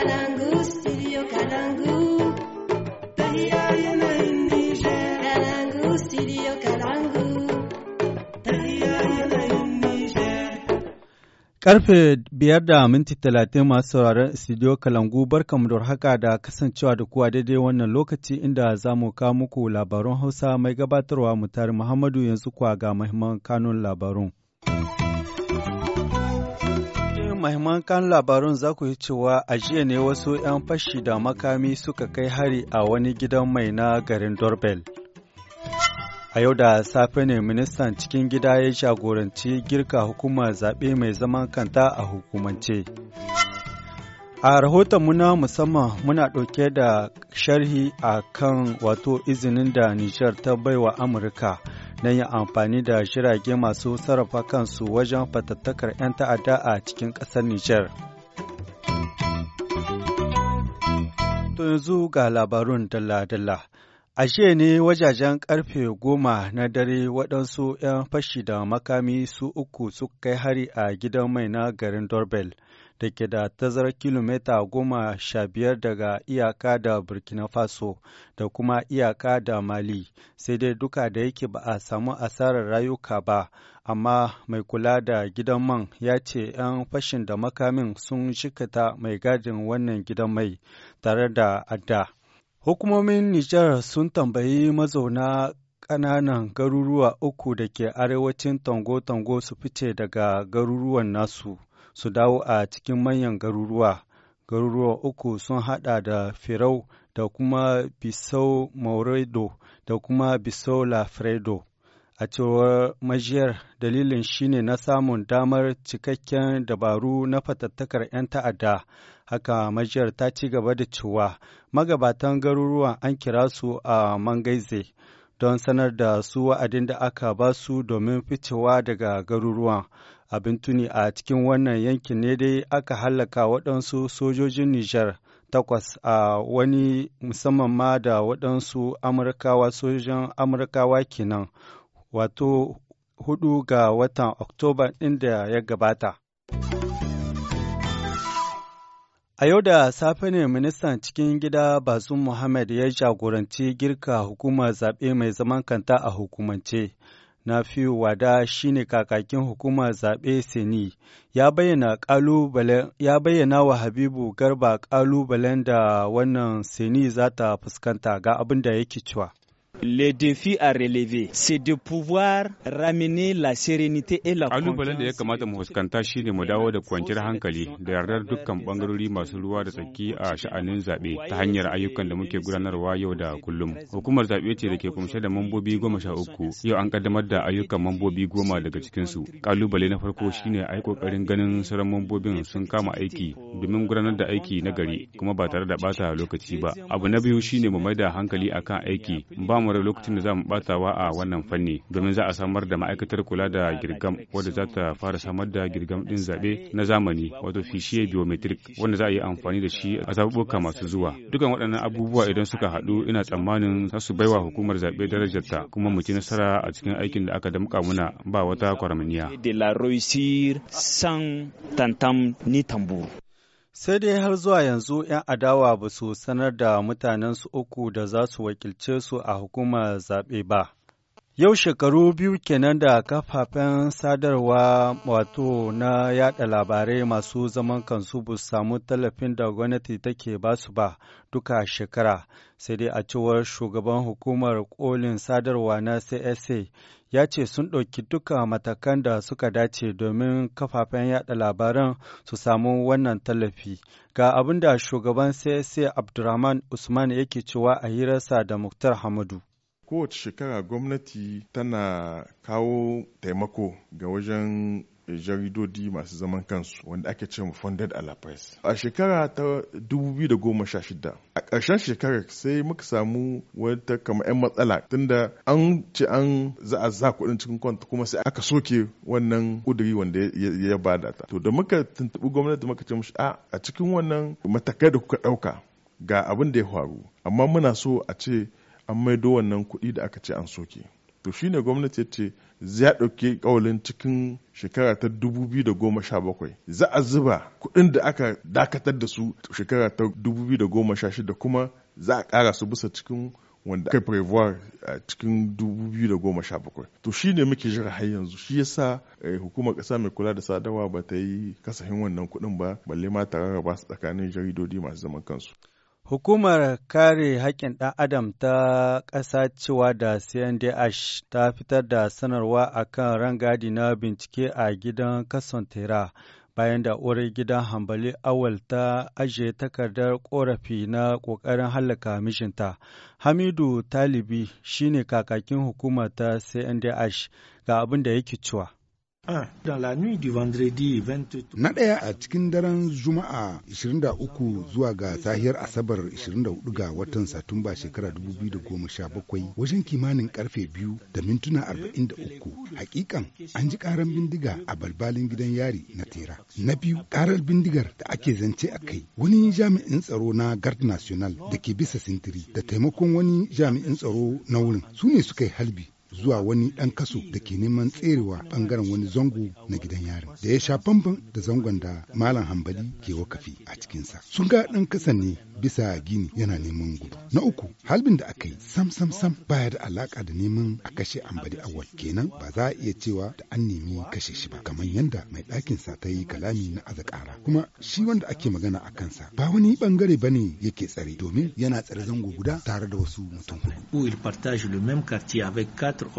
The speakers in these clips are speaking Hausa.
Kalangu, Karfe biyar da minti talatin masu sauraron studio Kalangu barkamu da haka da kasancewa da kuwa daidai wannan lokaci inda za mu kawo muku labarun Hausa mai gabatarwa mutari Muhammadu yanzu kuwa ga mahimman kanun labarun. mahimman kan labarun za ku yi cewa a jiya ne wasu 'yan fashi da makami suka kai hari a wani gidan mai na garin Dorbel. A yau da safe ne ministan cikin gida ya jagoranci girka hukumar zaɓe mai zaman kanta a hukumance. A rahoton muna musamman muna ɗauke da sharhi a kan wato izinin da Nijar ta baiwa Amurka na yin amfani da shirage masu sarrafa kansu wajen fatattakar 'yan ta'adda a cikin ƙasar Nijar. To yanzu ga labarun dalla-dalla. A jiya ne wajajen karfe goma na dare waɗansu ‘yan fashi da makami su uku suka kai hari a gidan mai na garin Dorbel. da ke da tazarar kilomita goma sha biyar daga iyaka da burkina faso da kuma iyaka da mali sai dai duka da yake ba a samu asarar rayuka ba amma mai kula da gidan man ya ce 'yan fashin da makamin sun shikata mai gadin wannan gidan mai tare da adda hukumomin nijar sun tambayi mazauna ƙananan garuruwa uku da ke arewacin tango-tango su fice daga garuruwan nasu su dawo a cikin manyan garuruwa. Garuruwa uku sun haɗa da Firau da kuma Bisau Mauredo da kuma Bisau Lafredo. A cewar majiyar dalilin shine na samun damar cikakken dabaru na fatattakar 'yan ta'adda. Haka majiyar ta ci gaba da cewa magabatan garuruwa an kira su a Mangaize don sanar da su wa'adin da aka ba su domin ficewa daga garuruwan. Abin tuni a cikin wannan yankin ne dai aka hallaka waɗansu sojojin Nijar takwas a wani musamman ma da waɗansu Amurkawa sojojin Amurkawa kenan, wato hudu ga watan Oktoba inda ya gabata. A yau da safe ne ministan cikin gida Bazum Muhammad ya jagoranci girka hukumar zaɓe mai zaman kanta a hukumance. na fiye wada shine kakakin hukumar zaɓe seni ya bayyana wa habibu garba ƙalubalen da wannan seni za ta fuskanta ga abin da yake cewa Le défi à relever, c'est de pouvoir ramener la sérénité et la Kalubalen da ya kamata mu fuskanta shine mu dawo da kwanciyar hankali da yardar dukkan bangarori masu ruwa da tsaki a sha'anin zaɓe ta hanyar ayyukan da muke gudanarwa yau da kullum. Hukumar zaɓe ce da ke kumshe da mambobi goma sha uku yau an kaddamar da ayyukan mambobi goma daga cikinsu. Kalubale na farko shine a yi ganin sauran mambobin sun kama aiki domin gudanar da aiki na gari kuma ba tare da ɓata lokaci ba. Abu na biyu shine mu maida hankali akan aiki ba mu al'amura lokacin da za mu batawa a wannan fanni domin za a samar da ma'aikatar kula da girgam wadda za ta fara samar da girgam din zaɓe na zamani wato fishiyar biometric wanda za a yi amfani da shi a zaɓuɓɓuka masu zuwa dukan waɗannan abubuwa idan suka haɗu ina tsammanin za su baiwa hukumar zaɓe darajarta kuma mu ci nasara a cikin aikin da aka damƙa muna ba wata kwaramniya. De la réussir sans tantam ni tambour. Sai dai har zuwa yanzu ‘yan adawa ba su sanar da mutanensu uku da za su wakilce su a hukumar zaɓe ba. Yau shekaru biyu kenan da kafafen sadarwa wato na yada labarai masu zaman kansu ba samu tallafin da gwamnati take ba su ba duka shekara, sai dai a cewar shugaban hukumar kolin sadarwa na CSA ya ce sun ɗauki duka matakan da suka dace domin kafafen yada labaran su samu wannan tallafi. Ga abin da shugaban CSA Abdurrahman Usman yake cewa a hirarsa da Muktar Hamadu. kowace shekara gwamnati tana kawo taimako ga wajen eh, jaridodi masu zaman kansu wanda ake ce funded a la presse a shekara ta 2016 a ƙarshen shekarar sai muka samu wata kama 'yan matsala tunda an ce an za a za kuɗin cikin kwanta kuma sai aka soke wannan ƙuduri wanda ya ba da ta to da muka tuntuɓi gwamnati muka ce mushi a cikin wannan matakai da kuka ɗauka ga abin da ya faru amma muna so a ce an maido wannan kuɗi da aka ce an soke to shine gwamnati ya ce ya ɗauki ƙaulin cikin shekara ta 2017 za a zuba kuɗin da aka dakatar da su shekara ta 2016 kuma za a ƙara su bisa cikin wanda aka prevoir a cikin 2017 to shi ne muke jira har yanzu shi yasa eh, hukumar ƙasa mai kula da sadarwa ba ta yi kasahin wannan kuɗin ba balle ma ta rarraba su tsakanin jaridodi masu zaman kansu Hukumar kare haƙƙin ɗan Adam ta ƙasa cewa da CNDH ta fitar da sanarwa a kan rangadi na bincike a gidan kason tera bayan da uwar gidan hambali awal ta ajiye takardar ƙorafi na ƙoƙarin hallaka mijinta. Hamidu Talibi shine kakakin hukumar ta CNDH ga abin da yake cewa. Ah, na ɗaya a cikin daren Juma'a 23 zuwa ga sahiyar Asabar 24 ga watan Satumba shekara 2017 wajen kimanin karfe biyu da mintuna 43 hakikan an ji karan bindiga a balbalin gidan yari na tera. Na biyu karar bindigar da ake zance a kai wani jami'in tsaro na Guard National da ke bisa sintiri da taimakon wani jami'in tsaro na wurin su ne suka yi halbi zuwa wani ɗan kaso da ke neman tserewa bangaren wani zango na gidan yarin da ya sha bamban da zangon da malam hambali ke wakafi a cikinsa sun ga ɗan kasa ne bisa gini yana neman gudu na uku halbin da aka yi sam sam sam baya da alaka da neman a kashe ambali awal kenan ba za a iya cewa da an nemi kashe shi ba kamar yadda mai ɗakin sa ta yi kalami na azakara kuma shi wanda ake magana a kansa ba wani bangare ba ne yake tsare domin yana tsare zango guda tare da wasu mutum hudu. Où il partage le même quartier avec quatre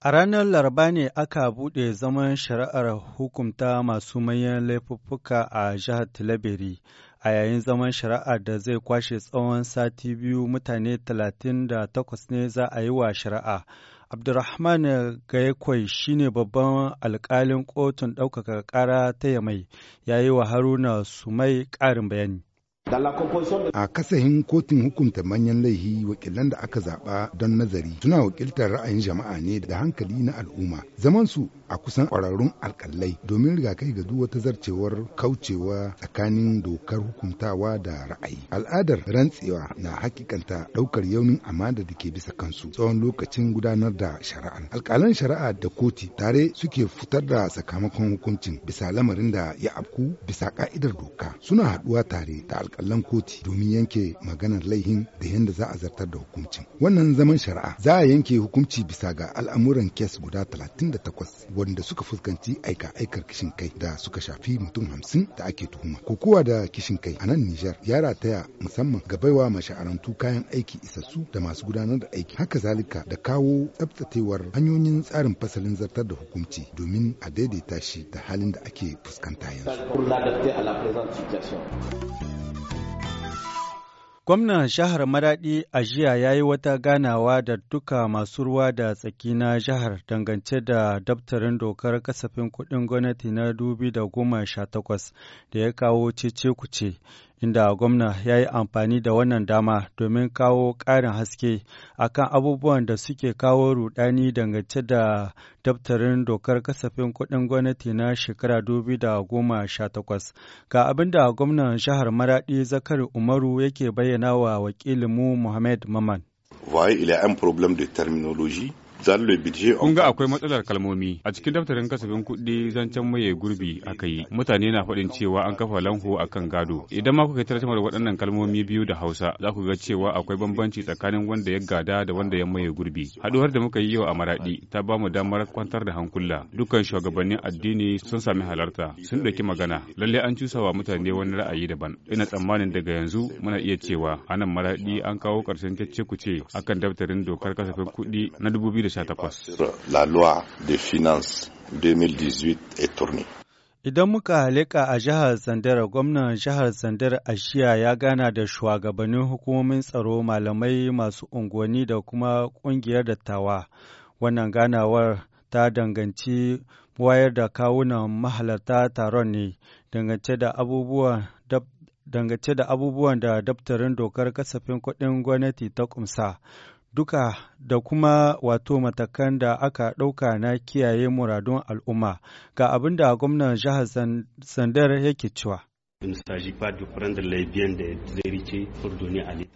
A ranar Laraba ne aka buɗe zaman shari'ar hukumta masu manyan laifuffuka a jihar Tilaberi. A yayin zaman shari'ar da zai kwashe tsawon sati biyu mutane talatin da 38 ne za a yi wa shari'a. abdulrahman Gayakwai shine babban alkalin kotun ɗaukaka ƙara ta Yamai, ya yi wa Haruna Sumai ƙarin bayani. A kasahin kotun hukunta manyan laihi wakilan da aka zaɓa don nazari suna wakiltar ra'ayin jama'a ne da hankali na al'umma. zaman su a kusan ƙwararrun alƙalai domin rigakai ga duk wata zarcewar kaucewa tsakanin dokar hukuntawa da ra'ayi. Al'adar rantsewa na hakikanta ɗaukar yaunin amana da ke bisa kansu tsawon lokacin gudanar da shari'a. Alƙalan shari'a da koti tare suke fitar da sakamakon hukuncin bisa lamarin da ya afku bisa ka'idar doka suna haɗuwa tare da alƙalai. kallon koti domin yanke maganar laihin da yadda za a zartar da hukuncin. Wannan zaman shari'a za a yanke hukunci bisa ga al'amuran kes guda 38 wanda suka fuskanci aika aikar kishin kai da suka shafi mutum hamsin da ake tuhuma. Kokowa da kishin kai a nan Nijar ya rataya musamman ga baiwa masha'arantu kayan aiki isassu da masu gudanar da aiki. Haka zalika da kawo tsabtatewar hanyoyin tsarin fasalin zartar da hukunci domin a daidaita shi da halin da ake fuskanta yanzu. Gwamnan jihar Maraɗi a jiya ya yi wata ganawa da duka masu ruwa da tsaki na jihar dangance da daftarin dokar kasafin kuɗin gwamnati na dubi goma sha takwas da ya kawo cece kuce inda gwamna ya yi amfani da wannan dama domin kawo ƙarin haske akan abubuwan da suke kawo rudani dangance da daftarin dokar kasafin kuɗin gwamnati na shekara da goma sha takwas Ga abin da gwamnan jihar Maraɗi Zakari Umaru yake bayyana wa wakilinmu Muhammad Maman. Voyez, il de terminology Kun ga akwai matsalar kalmomi a cikin daftarin kasafin kuɗi zancen maye gurbi aka yi mutane na faɗin cewa an kafa lanho a kan gado idan ma kuka tarjama da waɗannan kalmomi biyu da Hausa za ku ga cewa akwai bambanci tsakanin wanda ya gada da wanda ya maye gurbi haɗuwar da muka yi yau a maraɗi ta ba mu damar kwantar da hankula dukkan shugabannin addini sun sami halarta sun ɗauki magana lalle an cusa wa mutane wani ra'ayi daban ina tsammanin daga yanzu muna iya cewa anan maraɗi an kawo ƙarshen cece kuce akan daftarin dokar kasafin kuɗi na dubu 2018. La loi de finances 2018 est tournée. Idan muka halika a jihar Zandar, gwamnan jihar Zandar a ya gana da shugabannin hukumomin tsaro malamai masu unguwanni da kuma ƙungiyar dattawa. Wannan ganawar ta danganci wayar da kawunan mahalarta taron ne dangance da abubuwan da abubuwan daftarin dokar kasafin kuɗin gwamnati ta ƙumsa duka da kuma wato matakan da aka ɗauka na kiyaye muradun al'umma ga abin da gwamnan jihar Sandar yake cewa.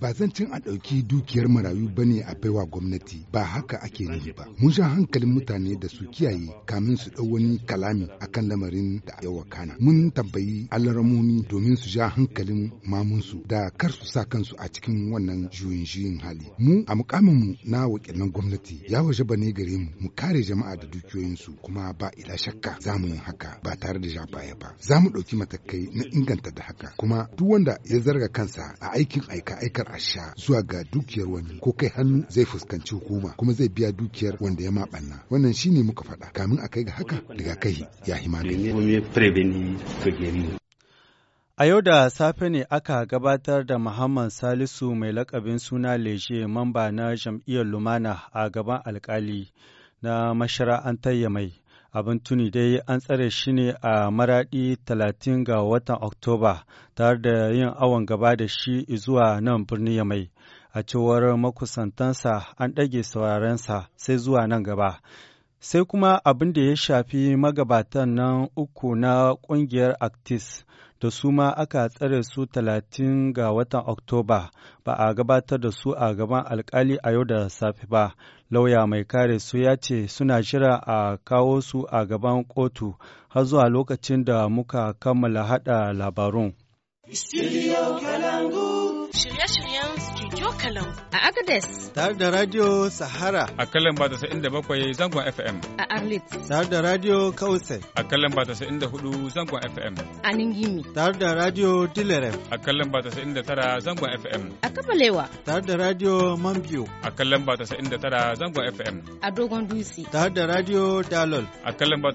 Ba zan cin a ɗauki dukiyar marayu ba ne a baiwa gwamnati ba haka ake nufi ba. Mun sha hankalin mutane da su kiyaye kamin su ɗau wani kalami a kan lamarin da yawa kana. Mun tambayi alaramomi domin su sha hankalin mamunsu da kar su sa kansu a cikin wannan juyin juyin hali. Mu a mukaminmu na wakilan gwamnati ya waje ba ne gare mu mu kare jama'a da dukiyoyinsu kuma ba ila shakka za mu yi haka ba tare da ja baya ba. Za mu ɗauki matakai na inganta inganta da haka kuma duk wanda ya zarga kansa a aikin aika aikar asha zuwa ga dukiyar wani ko kai hannu zai fuskanci hukuma kuma zai biya dukiyar wanda ya maɓanna wannan shine muka faɗa kamin a kai ga haka daga kai ya hima A yau da safe ne aka gabatar da Muhammad Salisu mai lakabin suna Leje mamba na jam'iyyar Lumana a gaban alkali na mashara'antar Yamai. Abin tuni dai an tsare shi ne a maraɗi 30 ga watan Oktoba tare da yin awon gaba da shi zuwa nan birnin Yamai. A cewar makusantansa an ɗage saurarensa sai zuwa nan gaba. Sai kuma abin da ya shafi magabatan nan uku na ƙungiyar Actis. da su ma aka tsare su talatin ga watan Oktoba ba a gabatar da su a gaban alkali a yau da safe ba. Lauya mai kare su ya ce suna shira a kawo su a gaban kotu har zuwa lokacin da muka kammala hada labarun. Shirye-shiryen Studio a Agadez. Tare da Radio Sahara. A kalan ba inda bakwai zangon FM. A Arlit. Tare da Radio Kausai. A kalan ba inda hudu zangon FM. A Ningimi. Tare da Radio Dilerem. A kalan ba inda tara zangon FM. A Kabalewa. Tare da Radio Mambiyo. A kalan ba inda tara zangon FM. A Dogon Dutse. Tare da Radio Dalol. A kalan ba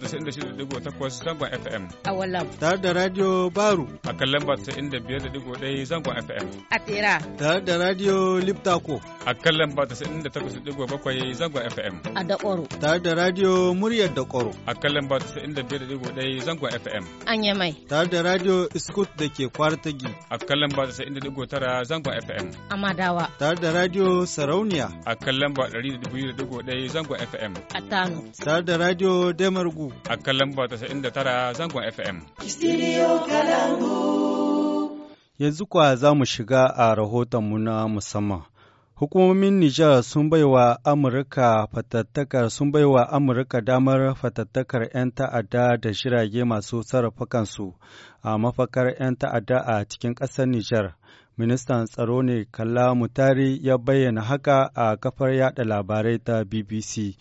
digo takwas zangon FM. A Walam. Tare da Radio Baru. A kalan ba inda biyar da digo zangon FM. A Tera. Tare da Radio Liptako. A kan lamba 98.7 FM. A Dakoro. Tare da Radio Muryar Dakoro. A kan lamba 95.1 zangon FM. Tare da Radio da ke Kwartagi. A kan lamba 99.9 FM. A Madawa. Tare da Radio Sarauniya. A kan lamba 102.1 FM. A Tano. Tare da Radio Demargu. A kan lamba 99.9 FM. Studio Kalangu. Yanzu kwa za mu shiga a rahotonmu na musamman. Hukumomin Nijar sun baiwa Amurka fatattakar sun baiwa Amurka damar fatattakar 'yan ta'adda da jirage masu sarrafa a mafakar 'yan ta'adda a cikin ƙasar Nijar. Ministan tsaro ne Kalla Mutari ya bayyana haka a kafar yada labarai ta BBC.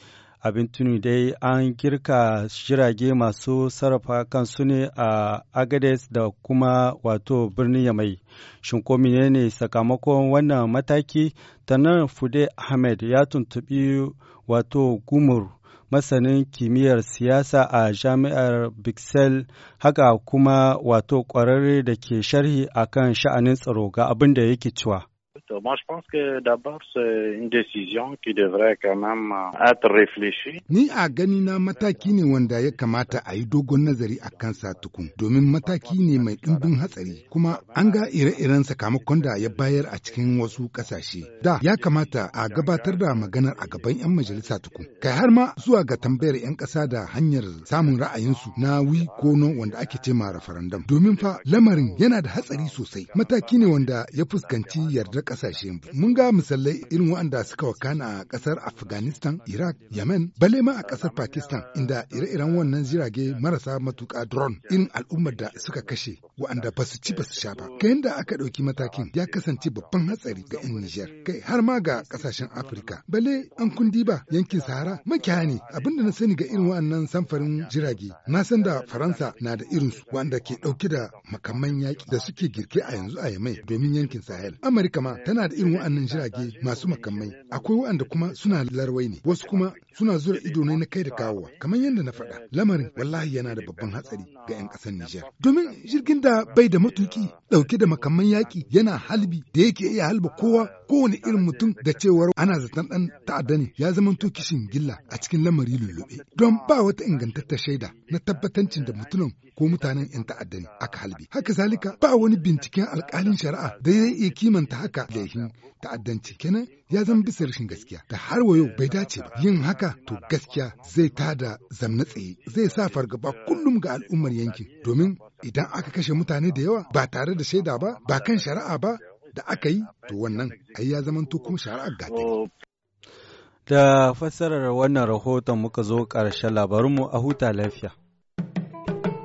abin tuni dai an girka jirage masu sarrafa kansu ne a agades da kuma wato birnin yamai shin ko ne sakamakon wannan mataki nan fude ahmed ya tuntubi wato gumur masanin kimiyyar siyasa a jami'ar bixel haka kuma wato ƙwararre da ke sharhi akan sha'anin tsaro ga abin da yake cewa Moi, je pense que d'abord, c'est une décision qui devrait quand même euh, être réfléchie. Ni a gani na mataki ne wanda ya kamata a yi dogon nazari a kan sa tukun, domin mataki ne mai ɗimbin hatsari, kuma an ga ire-iren sakamakon da ya bayar a cikin wasu kasashe Da ya kamata a gabatar da maganar a gaban 'yan majalisa tukun, kai har ma zuwa ga tambayar 'yan ƙasa da hanyar samun ra'ayinsu na wi ko non wanda ake cema referendum. Domin fa lamarin yana da hatsari sosai, mataki ne wanda ya fuskanci yardar ka. kasashe mun ga misalai irin waɗanda suka wakana a ƙasar afghanistan iraq yemen bale ma a kasar pakistan inda ire-iren wannan jirage marasa matuƙa drone irin al'ummar da suka kashe waɗanda ba su ci ba su sha ba kayan da aka ɗauki matakin ya kasance babban hatsari ga 'yan nijar kai har ma ga kasashen afirka bale an kundi ba yankin sahara makiya ne abin da na sani ga irin waɗannan samfarin jirage na san da faransa na da irinsu waɗanda ke ɗauke da makaman yaƙi da suke girke a yanzu a yamai domin yankin sahel amurka ma tana da irin wa'annan jirage masu makamai akwai wa'anda kuma suna larwai ne wasu kuma suna zura ido ne na kai da kawowa kamar yadda na faɗa lamarin wallahi yana da babban hatsari ga 'yan ƙasar Nijar domin jirgin da bai da matuki ɗauke da makaman yaƙi yana halbi da yake iya halba kowa kowane irin mutum da cewar ana zaton ɗan ta'adda ne ya zama to kishin gilla a cikin lamari lullube don ba wata ingantattar shaida na tabbatancin da mutumin ko mutanen 'yan ta'adda ne aka halbe. Haka zalika ba wani binciken alkalin shari'a da zai iya kimanta haka laihin ta'addanci kenan ya zama bisa rashin gaskiya da har wayo bai dace ba yin haka to gaskiya zai tada zamna tsaye zai sa fargaba kullum ga al'ummar yankin domin idan aka kashe mutane da yawa ba tare da shaida ba ba kan shari'a ba da aka yi to wannan ai ya zamanto kuma shari'ar ga da fassarar wannan rahoton muka zo ƙarshen labarinmu a huta lafiya